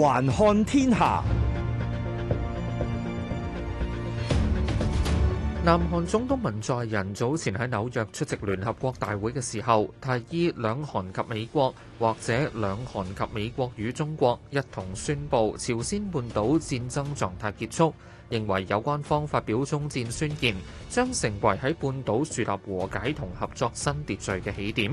環看天下，南韓總統文在寅早前喺紐約出席聯合國大會嘅時候，提議兩韓及美國，或者兩韓及美國與中國一同宣布朝鮮半島戰爭狀態結束，認為有關方發表終戰宣言，將成為喺半島樹立和解同合作新秩序嘅起點。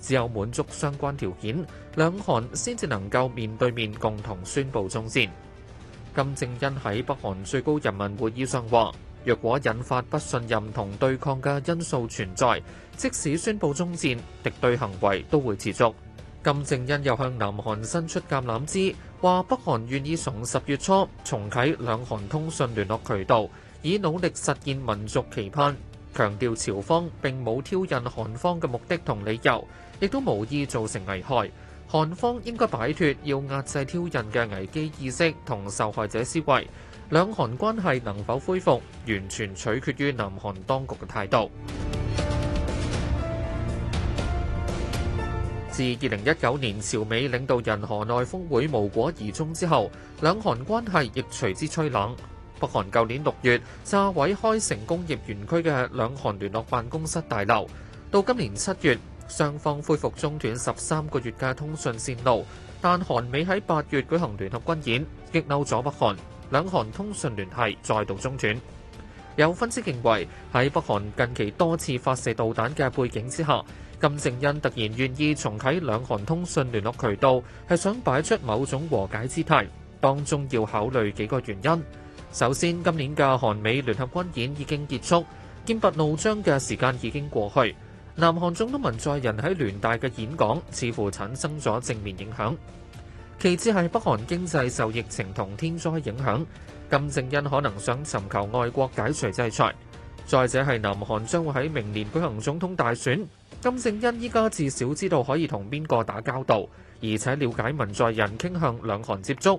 只有滿足相關條件，兩韓先至能夠面對面共同宣布終戰。金正恩喺北韓最高人民會議上話，若果引發不信任同對抗嘅因素存在，即使宣布終戰，敵對行為都會持續。金正恩又向南韓伸出橄欖枝，話北韓願意從十月初重啟兩韓通信聯絡渠道，以努力實現民族期盼。強調朝方並冇挑釁韓方嘅目的同理由，亦都無意造成危害。韓方應該擺脱要壓制挑釁嘅危機意識同受害者思維。兩韓關係能否恢復，完全取決於南韓當局嘅態度。自二零一九年朝美領導人河內峰會無果而終之後，兩韓關係亦隨之趨冷。北韓舊年六月炸毀開城工業園區嘅兩韓聯絡辦公室大樓，到今年七月雙方恢復中斷十三個月嘅通訊線路，但韓美喺八月舉行聯合軍演，激嬲咗北韓，兩韓通訊聯繫再度中斷。有分析認為，喺北韓近期多次發射導彈嘅背景之下，金正恩突然願意重啟兩韓通訊聯絡渠道，係想擺出某種和解姿態，當中要考慮幾個原因。首先，今年嘅韓美聯合軍演已經結束，劍拔弩張嘅時間已經過去。南韓總統文在寅喺聯大嘅演講，似乎產生咗正面影響。其次係北韓經濟受疫情同天災影響，金正恩可能想尋求外國解除制裁。再者係南韓將會喺明年舉行總統大選，金正恩依家至少知道可以同邊個打交道，而且了解文在寅傾向兩韓接觸。